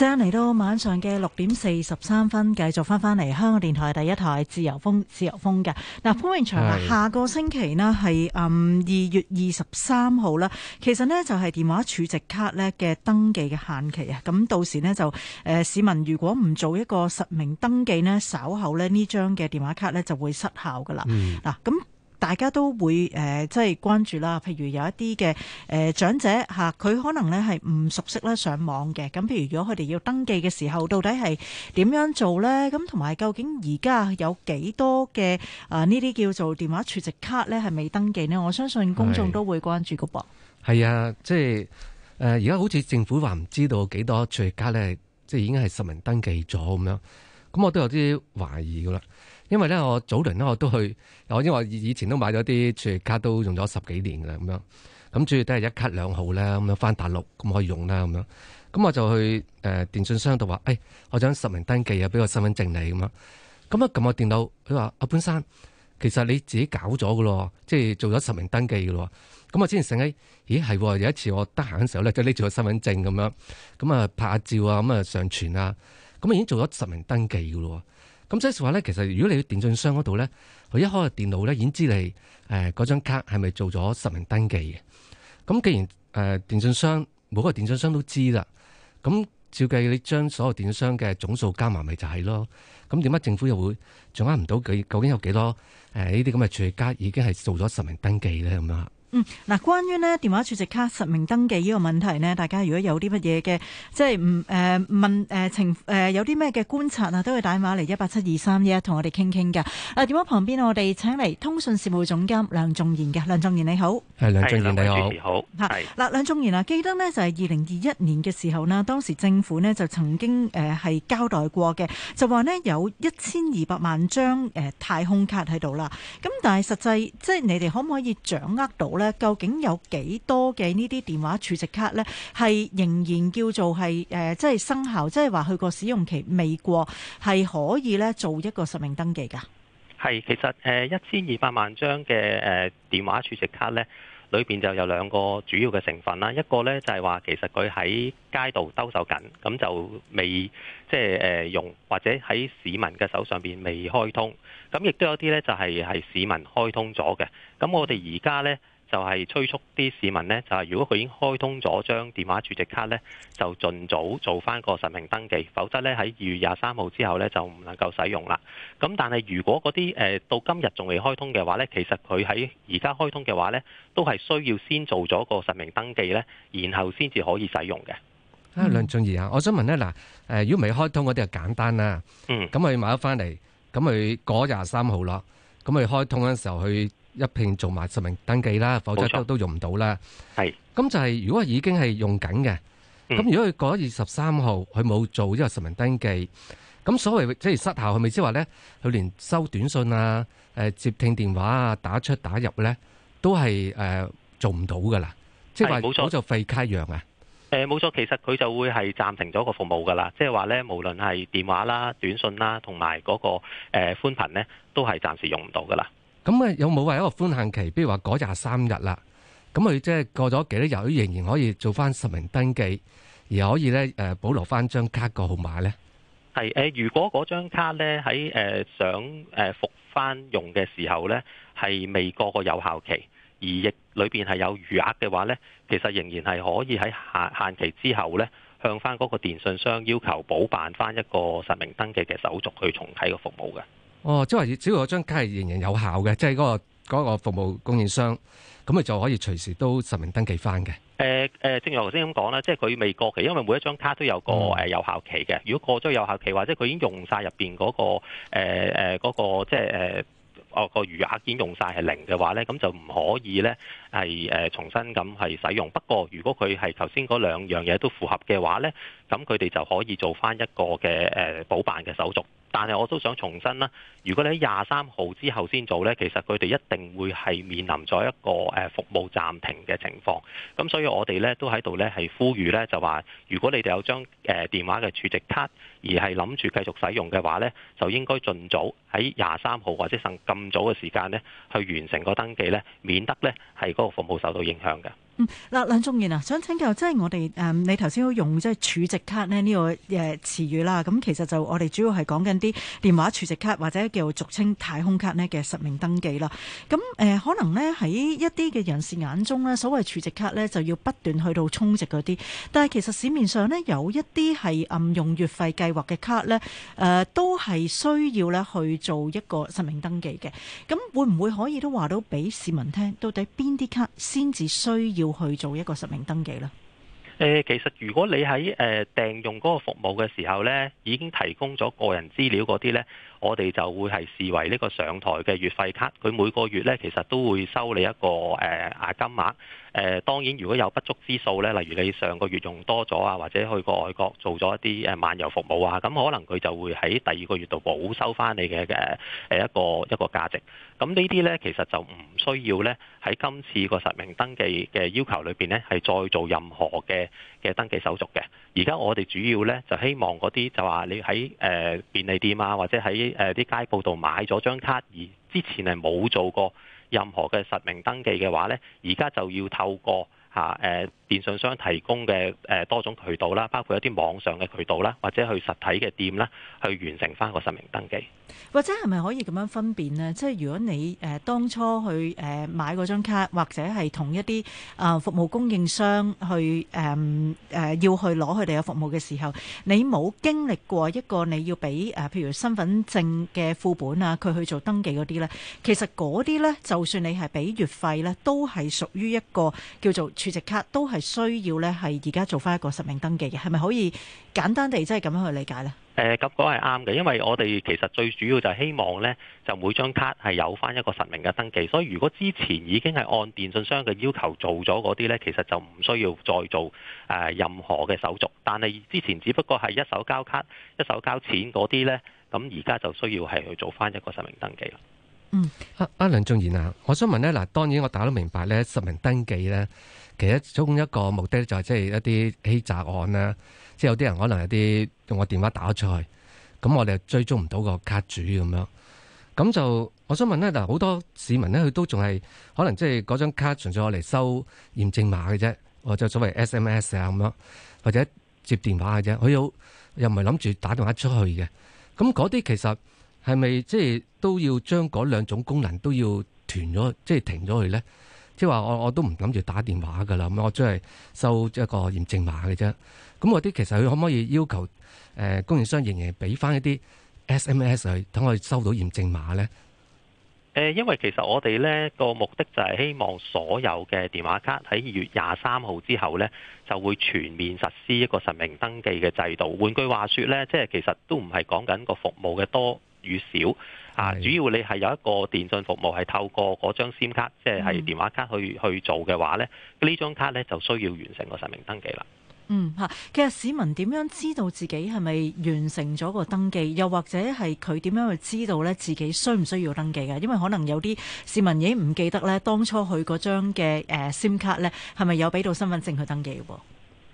正嚟到晚上嘅六點四十三分，繼續返返嚟香港電台第一台自由風，自由風嘅。嗱，潘永祥啊，下個星期呢係嗯、二月二十三號啦。其實呢就係、是、電話儲值卡呢嘅登記嘅限期啊。咁到時呢就誒、呃、市民如果唔做一個實名登記呢，稍後呢呢張嘅電話卡呢就會失效噶啦。嗱咁、嗯。啊大家都會誒，即係關注啦。譬如有一啲嘅誒長者嚇，佢可能咧係唔熟悉啦，上網嘅。咁譬如如果佢哋要登記嘅時候，到底係點樣做咧？咁同埋究竟而家有幾多嘅啊？呢啲叫做電話儲值卡咧，係未登記呢？我相信公眾都會關注嘅噃。係啊，即係誒，呃，而家好似政府話唔知道幾多儲值卡咧，即係已經係實名登記咗咁樣。咁我都有啲懷疑嘅啦。因為咧，我早輪咧我都去，我因為我以前都買咗啲儲值卡，都用咗十幾年嘅咁樣。咁主要都係一卡兩號啦，咁樣翻大陸咁可以用啦，咁樣。咁我就去誒電信商度話：誒、哎，我想實名登記啊，俾個身份證你咁樣。咁啊撳個電腦，佢話：阿潘生，其實你自己搞咗嘅咯，即係做咗實名登記嘅咯。咁我之前醒起，咦係，有一次我得閒嘅時候咧，就拎住個身份證咁樣，咁啊拍下照啊，咁啊上傳啊，咁已經做咗實名登記嘅咯。咁即係話咧，其實如果你去電信商嗰度咧，佢一開個電腦咧，已經知你誒嗰張卡係咪做咗實名登記嘅。咁既然誒、呃、電信商，每個電信商都知啦。咁照計，你將所有電信商嘅總數加埋，咪就係咯。咁點解政府又會掌握唔到佢究竟有幾多誒呢啲咁嘅儲值卡已經係做咗實名登記咧？咁樣嗯，嗱，關於呢電話儲值卡實名登記呢個問題呢，大家如果有啲乜嘢嘅，即係唔誒問誒、呃、情誒、呃、有啲咩嘅觀察啊，都會打電話嚟一八七二三一，同我哋傾傾噶。啊，電話旁邊我哋請嚟通訊事務總監梁仲賢嘅，梁仲賢你好，係梁仲賢你好，吓，嗱，梁仲賢啊是，記得呢就係二零二一年嘅時候呢，當時政府呢就曾經誒係、呃、交代過嘅，就話呢有一千二百萬張誒、呃、太空卡喺度啦，咁但係實際即係你哋可唔可以掌握到呢？究竟有幾多嘅呢啲電話儲值卡呢？係仍然叫做係誒、呃，即係生效，即係話佢個使用期未過，係可以呢做一個實名登記嘅。係，其實誒一千二百萬張嘅誒電話儲值卡呢，裏邊就有兩個主要嘅成分啦。一個呢就係話，其實佢喺街道兜售緊，咁就未即係誒用，或者喺市民嘅手上邊未開通。咁亦都有啲呢就係係市民開通咗嘅。咁我哋而家呢。就係催促啲市民呢，就係、是、如果佢已經開通咗張電話儲值卡呢，就盡早做翻個實名登記，否則呢，喺二月廿三號之後呢，就唔能夠使用啦。咁但係如果嗰啲誒到今日仲未開通嘅話呢，其實佢喺而家開通嘅話呢，都係需要先做咗個實名登記呢，然後先至可以使用嘅。嗯、啊，梁仲賢啊，我想問呢，嗱，誒、呃、如果未開通嗰啲就簡單啦，嗯，咁佢買咗翻嚟，咁佢過廿三號咯，咁佢開通嗰陣時候佢……一拼做埋實名登記啦，否則都都用唔到啦。係，咁就係如果已經係用緊嘅，咁如果佢過咗二十三號，佢冇做呢個實名登記，咁所謂即係失效，係咪即係話咧？佢連收短信啊、誒接聽電話啊、打出打入咧，都係誒做唔到噶啦。即係話冇錯就廢卡一樣啊。誒，冇錯，其實佢就會係暫停咗個服務噶啦。即係話咧，無論係電話啦、短信啦，同埋嗰個誒寬頻咧，都係暫時用唔到噶啦。咁啊，有冇話一個寬限期？比如話嗰廿三日啦，咁佢即係過咗幾多日，仍然可以做翻實名登記，而可以咧誒保留翻張卡個號碼咧？係誒，如果嗰張卡咧喺誒想誒復翻用嘅時候咧，係未過個有效期，而亦裏邊係有餘額嘅話咧，其實仍然係可以喺限限期之後咧，向翻嗰個電信商要求補辦翻一個實名登記嘅手續去重啟個服務嘅。哦，即係只要嗰張卡係仍然有效嘅，即係嗰、嗰個嗰個服務供應商，咁咪就可以隨時都實名登記翻嘅。誒誒、呃，正如我頭先咁講啦，即係佢未過期，因為每一張卡都有個誒有效期嘅。嗯、如果過咗有效期，或者佢已經用晒入邊嗰個誒誒、呃嗰個、即係誒、呃嗰個餘額已經用晒係零嘅話咧，咁就唔可以咧係誒重新咁係使用。不過如果佢係頭先嗰兩樣嘢都符合嘅話咧，咁佢哋就可以做翻一個嘅誒補辦嘅手續。但係我都想重申啦，如果你喺廿三號之後先做呢，其實佢哋一定會係面臨咗一個誒服務暫停嘅情況。咁所以我哋呢都喺度呢係呼籲呢，就話如果你哋有張誒電話嘅儲值卡而係諗住繼續使用嘅話呢，就應該盡早喺廿三號或者甚咁早嘅時間呢去完成個登記呢，免得呢係嗰個服務受到影響嘅。嗱、嗯，梁仲賢啊，想請教，即係我哋誒、嗯，你頭先都用即係儲值卡呢個詞語啦。咁其實就我哋主要係講緊啲電話儲值卡或者叫做俗稱太空卡呢嘅實名登記啦。咁、呃、可能呢，喺一啲嘅人士眼中呢，所謂儲值卡呢，就要不斷去到充值嗰啲。但係其實市面上呢，有一啲係暗用月費計劃嘅卡呢、呃，都係需要呢去做一個實名登記嘅。咁會唔會可以都話到俾市民聽，到底邊啲卡先至需要？去做一個實名登記啦。誒，其實如果你喺誒訂用嗰個服務嘅時候咧，已經提供咗個人資料嗰啲咧，我哋就會係視為呢個上台嘅月費卡，佢每個月咧其實都會收你一個誒押、呃、金額。誒當然，如果有不足之數咧，例如你上個月用多咗啊，或者去過外國做咗一啲誒漫遊服務啊，咁可能佢就會喺第二個月度補收翻你嘅一個一個價值。咁呢啲咧其實就唔需要咧喺今次個實名登記嘅要求裏面咧係再做任何嘅嘅登記手續嘅。而家我哋主要咧就希望嗰啲就話你喺、呃、便利店啊，或者喺啲、呃、街鋪度買咗張卡而之前係冇做過。任何嘅實名登記嘅話呢，而家就要透過嚇誒。電信商提供嘅誒多種渠道啦，包括一啲網上嘅渠道啦，或者去實體嘅店啦，去完成翻個實名登記。或者係咪可以咁樣分辨咧？即係如果你誒當初去誒買嗰張卡，或者係同一啲誒服務供應商去誒誒要去攞佢哋嘅服務嘅時候，你冇經歷過一個你要俾誒譬如身份證嘅副本啊，佢去做登記嗰啲咧，其實嗰啲咧，就算你係俾月費咧，都係屬於一個叫做儲值卡，都係。需要咧，係而家做翻一個實名登記嘅，係咪可以簡單地即係咁樣去理解呢？誒、呃，咁講係啱嘅，因為我哋其實最主要就係希望呢，就每張卡係有翻一個實名嘅登記，所以如果之前已經係按電信商嘅要求做咗嗰啲呢，其實就唔需要再做誒、呃、任何嘅手續。但係之前只不過係一手交卡、一手交錢嗰啲呢，咁而家就需要係去做翻一個實名登記啦。嗯，阿、阿梁仲賢啊，我想問呢，嗱，當然我大家都明白呢，實名登記呢。其實其中一個目的就係即係一啲欺詐案啦，即係有啲人可能有一啲用我電話打咗出去，咁我哋又追蹤唔到個卡主咁樣，咁就我想問咧，嗱好多市民咧，佢都仲係可能即係嗰張卡純粹我嚟收驗證碼嘅啫，我就所謂 S M S 啊咁樣，或者接電話嘅啫，佢又又唔係諗住打電話出去嘅，咁嗰啲其實係咪即係都要將嗰兩種功能都要斷咗，即係停咗佢咧？即係話我我都唔諗住打電話㗎啦，咁我真係收一個驗證碼嘅啫。咁我啲其實佢可唔可以要求誒供應商仍然俾翻一啲 SMS 去等我收到驗證碼呢？誒，因為其實我哋呢個目的就係希望所有嘅電話卡喺二月廿三號之後呢，就會全面實施一個實名登記嘅制度。換句話說呢，即係其實都唔係講緊個服務嘅多與少。主要你係有一個電信服務係透過嗰張 SIM 卡，即係係電話卡去去做嘅話咧，呢張卡咧就需要完成個實名登記啦。嗯嚇，其實市民點樣知道自己係咪完成咗個登記，又或者係佢點樣去知道呢？自己需唔需要登記嘅？因為可能有啲市民已經唔記得呢，當初佢嗰張嘅誒 SIM 卡呢，係咪有俾到身份證去登記喎？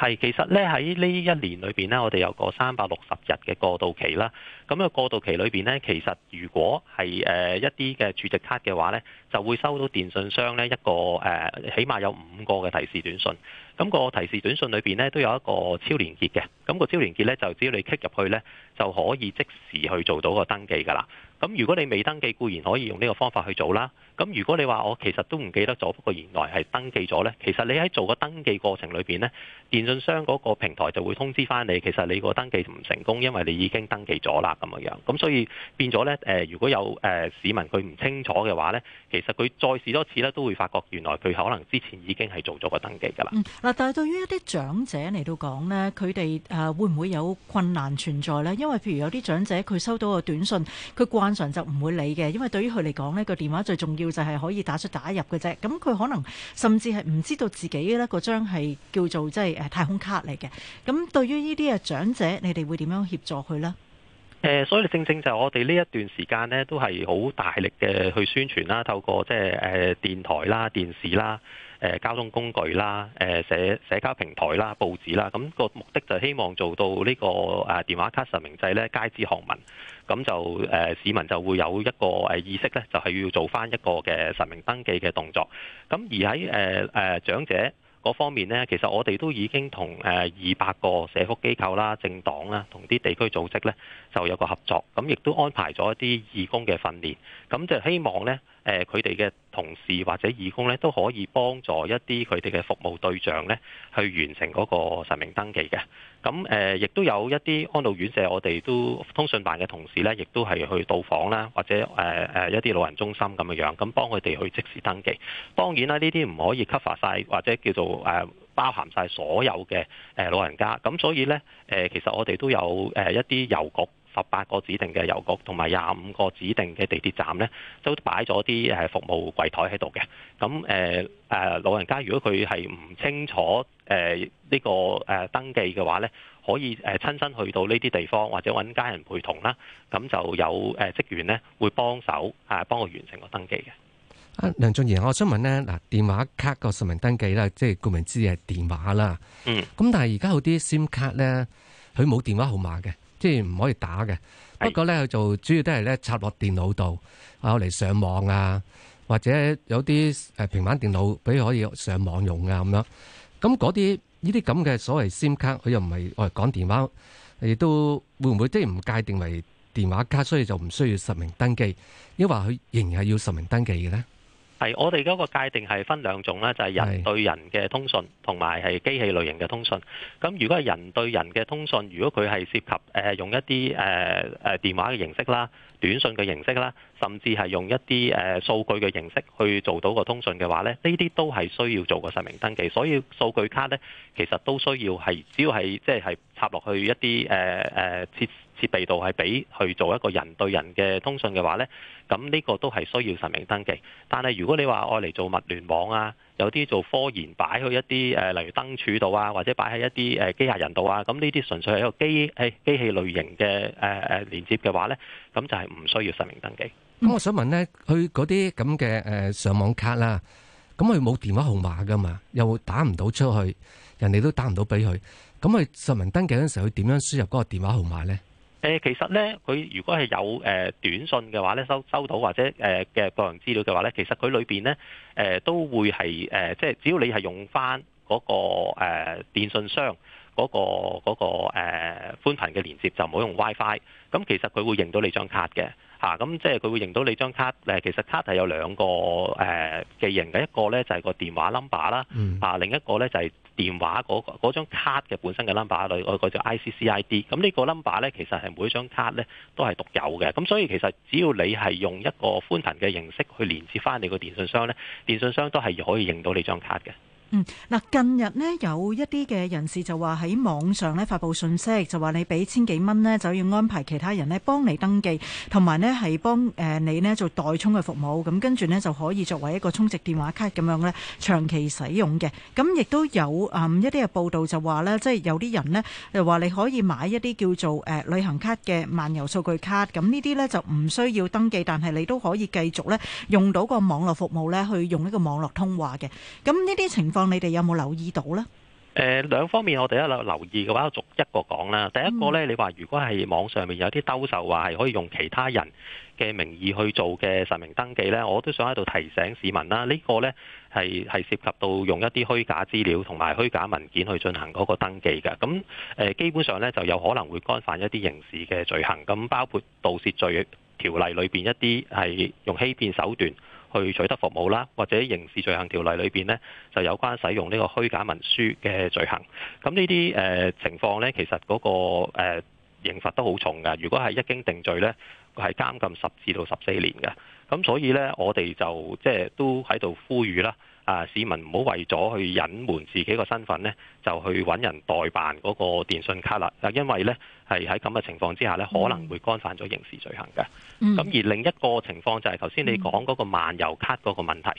係，其實咧喺呢在這一年裏面咧，我哋有個三百六十日嘅過渡期啦。咁、那、嘅、個、過渡期裏面咧，其實如果係、呃、一啲嘅儲值卡嘅話咧，就會收到電信商咧一個、呃、起碼有五個嘅提示短信。咁、那個提示短信裏面咧，都有一個超連結嘅。咁、那個超連結咧，就只要你 click 入去咧，就可以即時去做到個登記㗎啦。咁如果你未登記，固然可以用呢個方法去做啦。咁如果你話我其實都唔記得咗，不過原來係登記咗呢。其實你喺做個登記過程裏邊呢，電信商嗰個平台就會通知翻你，其實你個登記唔成功，因為你已經登記咗啦咁樣。咁所以變咗呢。誒如果有誒市民佢唔清楚嘅話呢，其實佢再試多次呢，都會發覺原來佢可能之前已經係做咗個登記㗎啦。嗯，嗱，但係對於一啲長者嚟到講呢，佢哋誒會唔會有困難存在呢？因為譬如有啲長者佢收到個短信，佢掛。通常就唔會理嘅，因為對於佢嚟講呢個電話最重要就係可以打出打入嘅啫。咁佢可能甚至係唔知道自己呢嗰張係叫做即係太空卡嚟嘅。咁對於呢啲嘅長者，你哋會點樣協助佢呢？誒、呃，所以正正就係我哋呢一段時間呢，都係好大力嘅去宣傳啦，透過即係誒電台啦、電視啦。誒交通工具啦、誒社社交平台啦、報紙啦，咁、那個目的就希望做到呢個誒電話卡實名制咧，街知巷聞。咁就誒、呃、市民就會有一個誒意識咧，就係、是、要做返一個嘅實名登記嘅動作。咁而喺誒誒長者嗰方面呢，其實我哋都已經同誒二百個社福機構啦、政黨啦、同啲地區組織咧就有個合作，咁亦都安排咗一啲義工嘅訓練，咁就希望咧。誒佢哋嘅同事或者義工呢，都可以幫助一啲佢哋嘅服務對象呢，去完成嗰個實名登記嘅。咁亦、呃、都有一啲安老院社舍我，我哋都通訊辦嘅同事呢，亦都係去到訪啦，或者、呃、一啲老人中心咁嘅樣，咁幫佢哋去即時登記。當然啦，呢啲唔可以 cover 晒或者叫做包含晒所有嘅老人家。咁所以呢，呃、其實我哋都有一啲郵局。十八個指定嘅郵局同埋廿五個指定嘅地鐵站呢，都擺咗啲誒服務櫃台喺度嘅。咁誒誒老人家，如果佢係唔清楚誒呢、呃呢個誒、呃、登記嘅話呢，可以誒親身去到呢啲地方，或者揾家人陪同啦。咁就有誒職員咧會幫手嚇、啊、幫佢完成個登記嘅。啊，梁仲賢，我想問呢嗱，電話卡個實名登記咧，即係顧名思義係電話啦。嗯。咁但係而家有啲 SIM 卡呢，佢冇電話號碼嘅。即係唔可以打嘅，不過咧佢就主要都係咧插落電腦度啊，我嚟上網啊，或者有啲誒平板電腦，畀佢可以上網用啊咁樣。咁嗰啲呢啲咁嘅所謂 SIM 卡，佢又唔係我嚟講電話，亦都會唔會即係唔界定為電話卡，所以就唔需要實名登記，抑或佢仍然係要實名登記嘅咧？係，我哋嗰個界定係分兩種咧，就係、是、人對人嘅通訊同埋係機器類型嘅通訊。咁如果係人對人嘅通訊，如果佢係涉及誒、呃、用一啲誒誒電話嘅形式啦、短信嘅形式啦，甚至係用一啲誒、呃、數據嘅形式去做到個通訊嘅話咧，呢啲都係需要做個實名登記。所以數據卡咧，其實都需要係只要係即係插落去一啲誒誒設。呃呃設備度係俾去做一個人對人嘅通訊嘅話咧，咁呢個都係需要實名登記。但係如果你話愛嚟做物聯網啊，有啲做科研擺去一啲誒，例如燈柱度啊，或者擺喺一啲誒機械人度啊，咁呢啲純粹係一個機係機器類型嘅誒誒連接嘅話咧，咁就係唔需要實名登記。咁我想問咧，佢嗰啲咁嘅誒上網卡啦，咁佢冇電話號碼噶嘛，又打唔到出去，人哋都打唔到俾佢，咁佢實名登記嗰陣時，佢點樣輸入嗰個電話號碼咧？誒、呃、其實咧，佢如果係有誒、呃、短訊嘅話咧，收收到或者誒嘅、呃、個人資料嘅話咧，其實佢裏邊咧誒都會係誒，即、呃、係只要你係用返嗰、那個誒、呃、電訊商、那個、嗰、那個嗰個誒寬頻嘅連接就，就唔好用 WiFi。咁其實佢會認到你張卡嘅嚇，咁、啊、即係佢會認到你張卡誒。其實卡係有兩個誒嘅型嘅，一個咧就係個電話 number 啦，啊另一個咧就係、是。電話嗰嗰張卡嘅本身嘅 number 裏嗰個叫 ICCID，咁呢個 number 咧其實係每張卡咧都係獨有嘅，咁所以其實只要你係用一個寬頻嘅形式去連接翻你個電信商咧，電信商都係可以認到你張卡嘅。嗯，嗱，近日咧有一啲嘅人士就話喺網上咧發布信息，就話你俾千幾蚊咧就要安排其他人咧幫你登記，同埋咧係幫誒你咧做代充嘅服務，咁、嗯、跟住咧就可以作為一個充值電話卡咁樣咧長期使用嘅。咁、嗯、亦都有啊、嗯、一啲嘅報道就話咧，即、就、係、是、有啲人咧就話你可以買一啲叫做誒、呃、旅行卡嘅漫遊數據卡，咁、嗯、呢啲咧就唔需要登記，但係你都可以繼續咧用到個網絡服務咧去用呢個網絡通話嘅。咁呢啲情況。你哋有冇留意到呢？誒，兩方面我哋一留意嘅話，我逐一個講啦。第一個呢，你話如果係網上面有啲兜售，話係可以用其他人嘅名義去做嘅實名登記呢，我都想喺度提醒市民啦。呢個呢，係係涉及到用一啲虛假資料同埋虛假文件去進行嗰個登記嘅。咁誒，基本上呢，就有可能會干犯一啲刑事嘅罪行，咁包括盜竊罪條例裏邊一啲係用欺騙手段。去取得服務啦，或者刑事罪行條例裏邊呢，就有關使用呢個虛假文書嘅罪行。咁呢啲誒情況呢，其實嗰個誒刑罰都好重㗎。如果係一經定罪呢，係監禁十至到十四年嘅。咁所以呢，我哋就即係都喺度呼籲啦。啊！市民唔好為咗去隱瞞自己個身份呢，就去揾人代辦嗰個電信卡啦。啊，因為呢，係喺咁嘅情況之下呢，可能會干犯咗刑事罪行嘅。咁、mm. 而另一個情況就係頭先你講嗰個漫遊卡嗰個問題。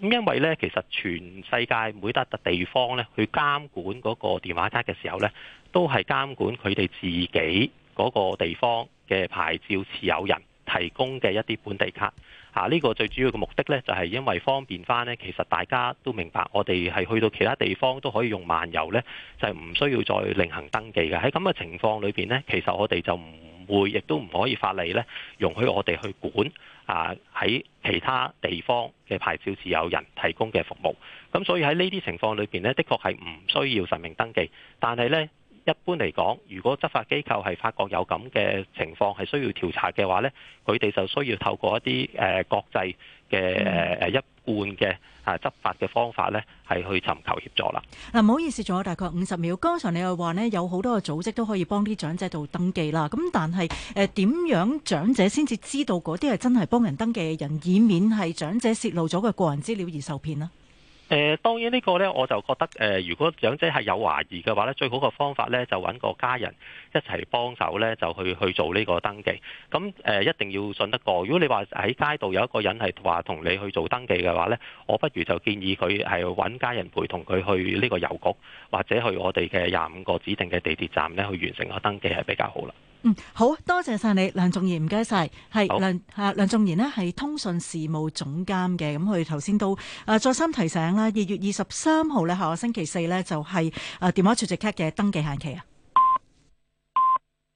因為呢，其實全世界每一笪地方呢去監管嗰個電話卡嘅時候呢，都係監管佢哋自己嗰個地方嘅牌照持有人，提供嘅一啲本地卡嚇，呢、啊呢個最主要嘅目的咧，就係、是、因為方便翻咧，其實大家都明白，我哋係去到其他地方都可以用漫遊咧，就係、是、唔需要再另行登記嘅。喺咁嘅情況裏邊咧，其實我哋就唔會亦都唔可以法例咧容許我哋去管啊喺其他地方嘅牌照持有人提供嘅服務。咁所以喺呢啲情況裏邊咧，的確係唔需要實名登記，但係咧。一般嚟講，如果執法機構係發覺有咁嘅情況係需要調查嘅話呢，佢哋就需要透過一啲誒、呃、國際嘅誒、呃、一貫嘅啊執法嘅方法呢，係去尋求協助啦。嗱，唔好意思，仲有大概五十秒。剛才你又話呢，有好多嘅組織都可以幫啲長者度登記啦。咁但係誒點樣長者先至知道嗰啲係真係幫人登記嘅人，以免係長者洩露咗嘅個人資料而受騙呢？誒，當然呢個呢，我就覺得，誒，如果長者係有懷疑嘅話呢，最好嘅方法呢，就揾個家人一齊幫手呢，就去去做呢個登記。咁誒，一定要信得過。如果你話喺街度有一個人係話同你去做登記嘅話呢，我不如就建議佢係揾家人陪同佢去呢個郵局，或者去我哋嘅廿五個指定嘅地鐵站呢，去完成個登記係比較好啦。嗯，好多謝晒你，梁仲賢，唔該晒，係好梁啊，梁仲賢呢係通訊事務總監嘅，咁佢頭先都啊再三提醒啦，二月二十三號咧，下個星期四咧，就係啊電話儲值卡嘅登記限期啊。